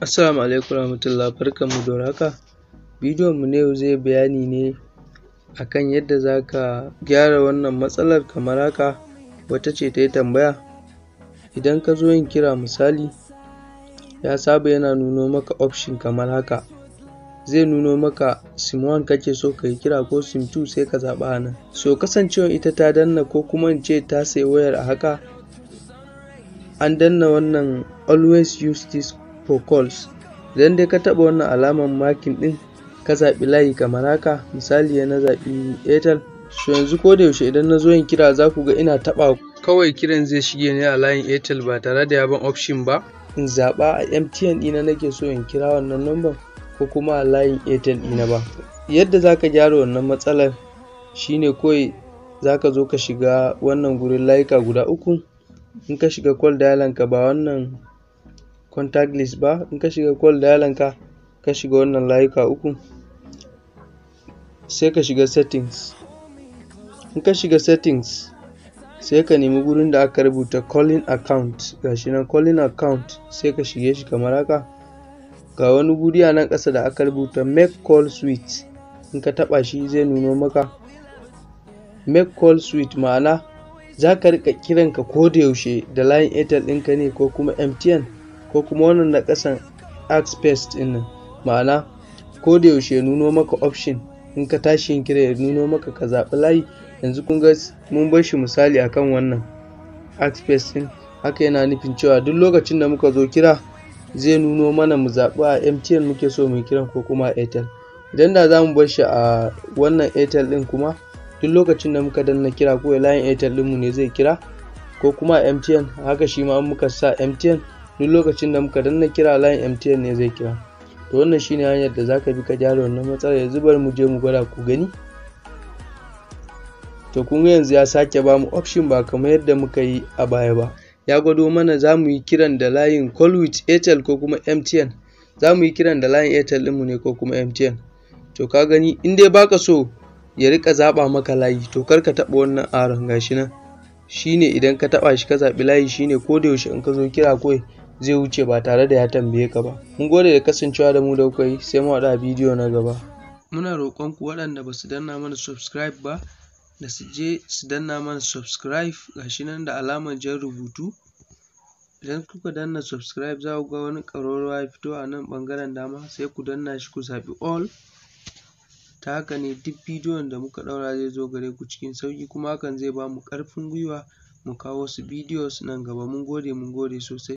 Assalamu alaikum warahmatullah barkanmu da warhaka bidiyon mu na yau zai bayani ne akan yadda zaka gyara wannan matsalar kamar haka wata ce ta yi tambaya idan ka zo yin kira misali ya saba yana nuno maka option kamar haka zai nuno maka sim 1 kake so ka yi kira ko sim 2 sai ka zaɓa a nan so kasancewar ita ta danna ko kuma in ce ta sayi wayar a haka an danna wannan always use this ko calls idan dai ka taɓa wannan alaman makin ɗin ka zaɓi layi kamar haka misali na zaɓi airtel Su yanzu ko da yaushe idan na zo yin kira za ku ga ina taɓa kawai kiran zai shige ne a layin airtel ba tare da ya ban option ba in zaɓa a mtn ɗina nake so in kira wannan lambar ko kuma a layin airtel ɗina ba yadda za ka gyara wannan matsalar shine kawai za ka zo ka shiga wannan gurin layuka guda uku in ka shiga call dialing ka ba wannan contactless ba in ka shiga call dialer ka ka shiga wannan layuka uku sai ka shiga settings in ka shiga settings sai ka nemi gurin da aka rubuta calling account gashi nan calling account sai ka shige shi kamar haka ga wani guri a nan ƙasa da aka rubuta make call suite in ka taɓa shi zai nuno maka make call suite ma'ana za ka riƙa kiranka ko da yaushe da layin airtel ɗinka ne ko kuma mtn ko kuma wannan na kasan axpest ɗin nan ma'ana ko da yaushe ya nuno maka option in ka tashi yin kira ya nuno maka ka zaɓi layi yanzu kun ga mun bar shi misali akan wannan axpest ɗin haka yana nufin cewa duk lokacin da muka zo kira zai nuno mana mu zaɓi a mtn muke so mu kiran ko kuma a airtel idan da za mu bar shi a wannan airtel ɗin kuma duk lokacin da muka danna kira ko layin airtel ɗinmu ne zai kira ko kuma mtn haka shi ma muka sa mtn duk lokacin da muka danna kira layin mtn ne zai kira to wannan shine hanyar da zaka bi ka gyara wannan matsala ya zubar mu je mu gwada ku gani to kun yanzu ya sake bamu option ba kamar yadda muka yi a baya ba ya gwado mana za mu yi kiran da layin call with airtel ko kuma mtn za mu yi kiran da layin airtel ɗinmu ne ko kuma mtn to ka gani in dai baka so ya rika zaba maka layi to kar ka taba wannan aron gashi nan shine idan ka taba shi ka zabi layi shine ko da yaushe in ka zo kira koi zai wuce ba tare da ya tambaye ka ba mun gode da kasancewa da mu da kai sai mu haɗu bidiyo na gaba muna roƙon ku waɗanda ba su danna mana subscribe ba da su je su danna mana subscribe gashi nan da alamar jan rubutu idan kuka danna subscribe za ku ga wani ƙararrawa ya fito a nan ɓangaren dama sai ku danna shi ku zaɓi all ta haka ne duk bidiyon da muka ɗaura zai zo gare ku cikin sauƙi kuma hakan zai ba mu ƙarfin gwiwa mu kawo su bidiyos nan gaba mun gode mun gode sosai